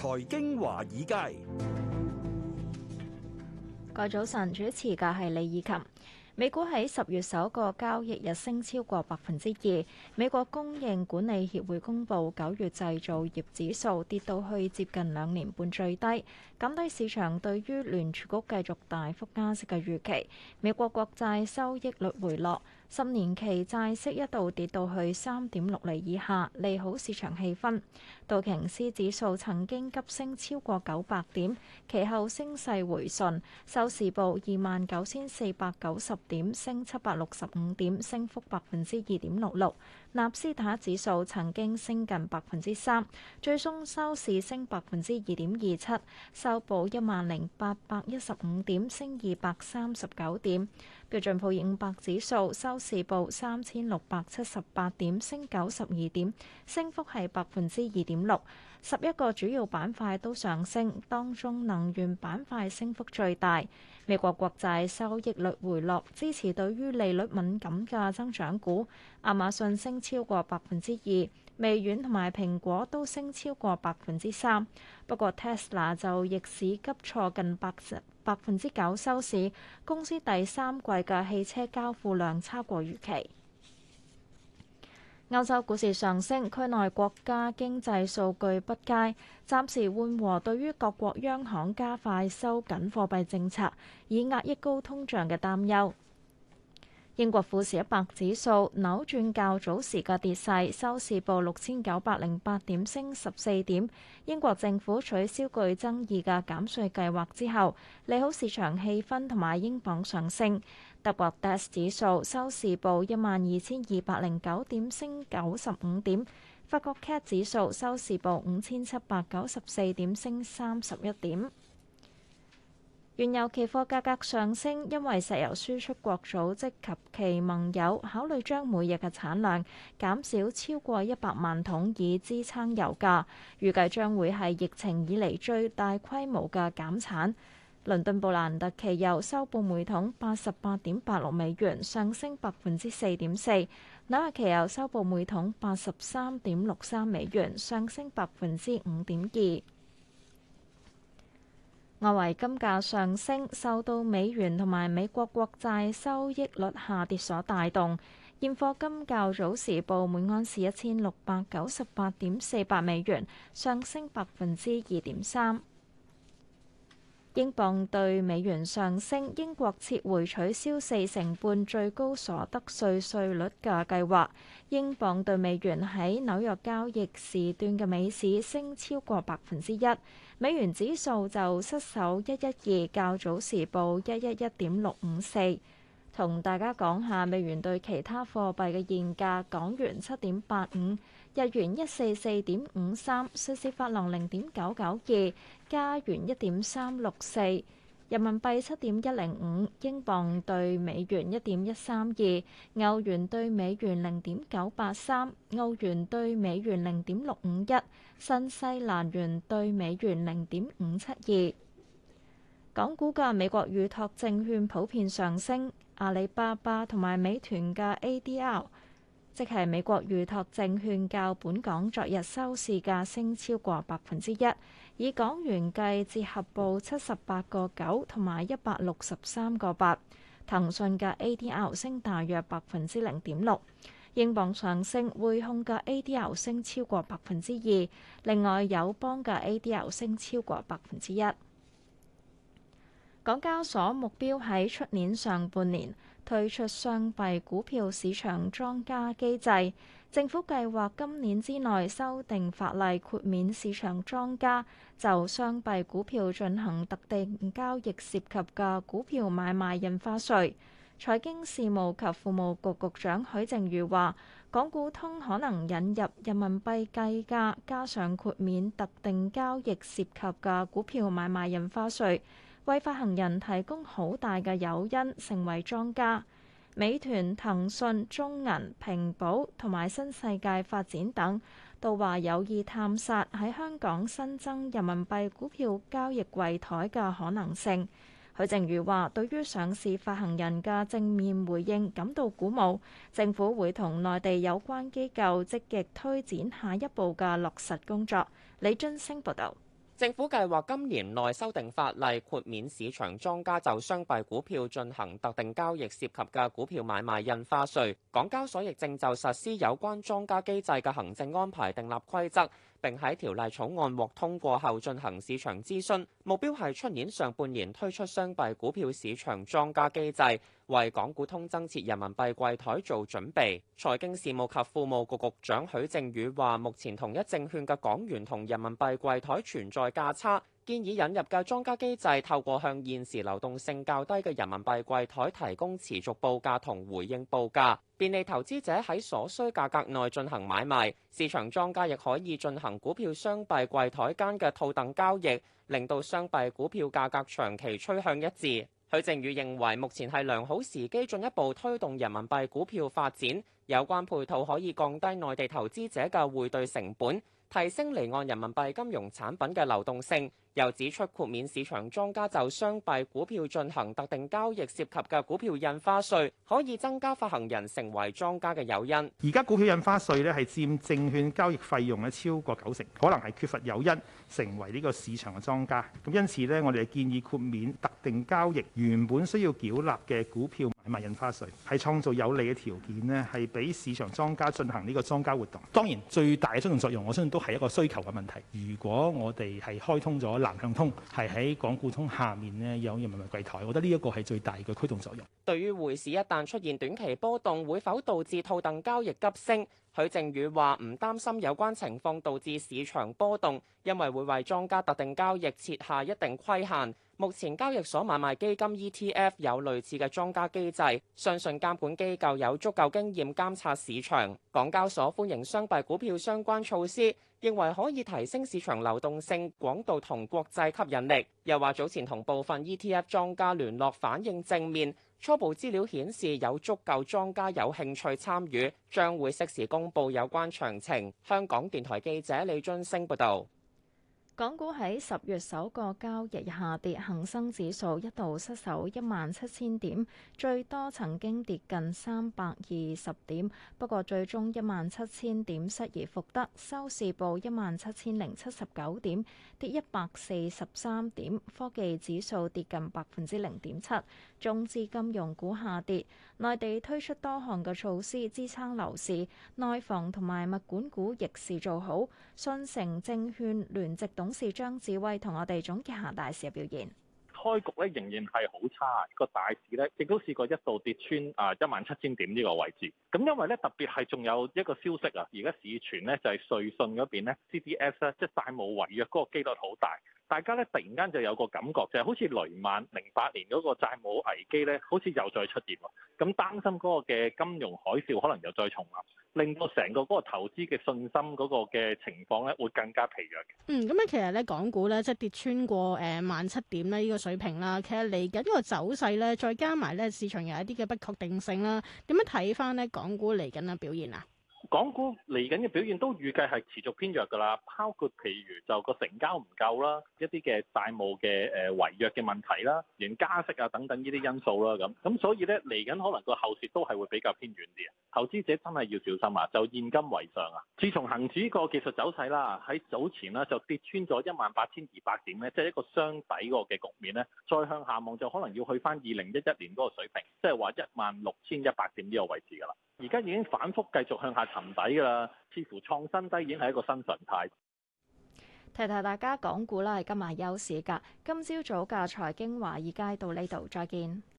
財經華爾街，各位早晨，主持嘅係李以琴。美股喺十月首個交易日升超過百分之二。美國供應管理協會公佈九月製造業指數跌到去接近兩年半最低，減低市場對於聯儲局繼續大幅加息嘅預期。美國國債收益率回落。十年期債息一度跌到去三點六厘以下，利好市場氣氛。道瓊斯指數曾經急升超過九百點，其後升勢回順，收市報二萬九千四百九十點，升七百六十五點，升幅百分之二點六六。納斯達指數曾經升近百分之三，最終收市升百分之二點二七，收報一萬零八百一十五點，升二百三十九點。標準普爾五百指數收市報三千六百七十八點，升九十二點，升幅係百分之二點六。十一個主要板塊都上升，當中能源板塊升幅最大。美國國債收益率回落，支持對於利率敏感嘅增長股。亞馬遜升超過百分之二，微軟同埋蘋果都升超過百分之三。不過 Tesla 就逆市急挫近百十百分之九收市。公司第三季嘅汽車交付量超過預期。歐洲股市上升，區內國家經濟數據不佳，暫時緩和對於各國央行加快收緊貨幣政策以壓抑高通脹嘅擔憂。英國富時一百指數扭轉較早時嘅跌勢，收市報六千九百零八點，升十四點。英國政府取消具爭議嘅減稅計劃之後，利好市場氣氛同埋英鎊上升。德國 DAX 指數收市報一萬二千二百零九點，升九十五點。法國 CAC 指數收市報五千七百九十四點，升三十一點。原油期貨價格上升，因為石油輸出國組織及其盟友考慮將每日嘅產量減少超過一百萬桶，以支撐油價。預計將會係疫情以嚟最大規模嘅減產。倫敦布蘭特期油收報每桶八十八點八六美元，上升百分之四點四。紐約期油收報每桶八十三點六三美元，上升百分之五點二。外圍金價上升，受到美元同埋美國國債收益率下跌所帶動。現貨金較早時報每盎司一千六百九十八點四八美元，上升百分之二點三。英鎊對美元上升，英國撤回取消四成半最高所得稅稅率嘅計劃。英鎊對美元喺紐約交易時段嘅美市升超過百分之一，美元指數就失守一一二，較早時報一一一點六五四。同大家講下美元對其他貨幣嘅現價：港元七點八五，日元一四四點五三，瑞士法郎零點九九二，加元一點三六四，人民幣七點一零五，英鎊對美元一點一三二，歐元對美元零點九八三，澳元對美元零點六五一，新西蘭元對美元零點五七二。港股嘅美國預託證券普遍上升。阿里巴巴同埋美團嘅 ADR 即係美國預託證券，較本港昨日收市價升超過百分之一，以港元計折合報七十八個九同埋一百六十三個八。騰訊嘅 ADR 升大約百分之零點六，英鎊上升，匯控嘅 ADR 升超過百分之二，另外友邦嘅 ADR 升超過百分之一。港交所目標喺出年上半年推出雙幣股票市場莊家機制。政府計劃今年之內修訂法例，豁免市場莊家就雙幣股票進行特定交易涉及嘅股票買賣印花稅。財經事務及庫務局局長許正宇話，港股通可能引入人民幣計價，加上豁免特定交易涉及嘅股票買賣印花稅。為發行人提供好大嘅誘因，成為莊家。美團、騰訊、中銀、平保同埋新世界發展等，都話有意探索喺香港新增人民幣股票交易櫃台嘅可能性。許正宇話：對於上市發行人嘅正面回應感到鼓舞，政府會同內地有關機構積極推展下一步嘅落實工作。李津升報道。政府計劃今年內修訂法例，豁免市場莊家就雙幣股票進行特定交易涉及嘅股票買賣印花稅。港交所亦正就實施有關莊家機制嘅行政安排訂立規則，並喺條例草案獲通過後進行市場諮詢，目標係出年上半年推出雙幣股票市場莊家機制。為港股通增設人民幣櫃台做準備，財經事務及庫務局局長許正宇話：目前同一證券嘅港元同人民幣櫃台存在價差，建議引入嘅莊家機制，透過向現時流動性較低嘅人民幣櫃台提供持續報價同回應報價，便利投資者喺所需價格內進行買賣。市場莊家亦可以進行股票雙幣櫃台間嘅套戥交易，令到雙幣股票價格長期趨向一致。許正宇認為，目前係良好時機，進一步推動人民幣股票發展。有關配套可以降低內地投資者嘅匯兌成本，提升離岸人民幣金融產品嘅流動性。又指出豁免市場莊家就雙幣股票進行特定交易涉及嘅股票印花稅，可以增加發行人成為莊家嘅誘因。而家股票印花稅咧，係佔證券交易費用咧超過九成，可能係缺乏誘因成為呢個市場嘅莊家。咁因此咧，我哋建議豁免特定交易原本需要繳納嘅股票買賣印花稅，係創造有利嘅條件咧，係俾市場莊家進行呢個莊家活動，當然，最大嘅推動作用，我相信都係一個需求嘅問題，如果我哋係開通咗。南向通係喺港股通下面呢，有人民幣櫃台，我覺得呢一個係最大嘅驅動作用。對於匯市一旦出現短期波動，會否導致套戥交易急升？許正宇話唔擔心有關情況導致市場波動，因為會為莊家特定交易設下一定規限。目前交易所買賣基金 ETF 有類似嘅莊家機制，相信監管機構有足夠經驗監察市場。港交所歡迎雙幣股票相關措施，認為可以提升市場流動性、廣度同國際吸引力。又話早前同部分 ETF 莊家聯絡，反映正面。初步資料顯示有足夠莊家有興趣參與，將會適時公佈有關詳情。香港電台記者李津升報道。港股喺十月首個交易下跌，恒生指數一度失守一萬七千點，最多曾經跌近三百二十點。不過最終一萬七千點失而復得，收市報一萬七千零七十九點，跌一百四十三點。科技指數跌近百分之零點七，中資金融股下跌。內地推出多項嘅措施支撐樓市，內房同埋物管股逆市做好。信誠證券聯席董董事張志威同我哋總結下大市嘅表現。開局咧仍然係好差，個大市咧亦都試過一度跌穿啊一萬七千點呢個位置。咁因為咧特別係仲有一個消息啊，而家市傳咧就係瑞信嗰邊咧 CDS 咧即係債務違約嗰個幾率好大。大家咧突然間就有個感覺，就係好似雷曼零八年嗰個債務危機咧，好似又再出現喎。咁擔心嗰個嘅金融海嘯可能又再重臨，令到成個嗰個投資嘅信心嗰個嘅情況咧，會更加疲弱嘅。嗯，咁啊，其實咧，港股咧即係跌穿過誒萬七點咧呢個水平啦。其實嚟緊個走勢咧，再加埋咧市場有一啲嘅不確定性啦。點樣睇返咧港股嚟緊嘅表現啊？港股嚟緊嘅表現都預計係持續偏弱㗎啦，包括譬如就個成交唔夠啦，一啲嘅債務嘅誒、呃、違約嘅問題啦，連加息啊等等呢啲因素啦咁，咁所以咧嚟緊可能個後市都係會比較偏軟啲啊，投資者真係要小心啊，就現金為上啊。自從恆指個技術走勢啦，喺早前咧就跌穿咗一萬八千二百點咧，即係一個雙底個嘅局面咧，再向下望就可能要去翻二零一一年嗰個水平，即係話一萬六千一百點呢個位置㗎啦。而家已經反覆繼續向下沉底噶啦，似乎創新低已經係一個新常態。提提大家講股啦，係今日休市噶。今朝早嘅財經華爾街到呢度，再見。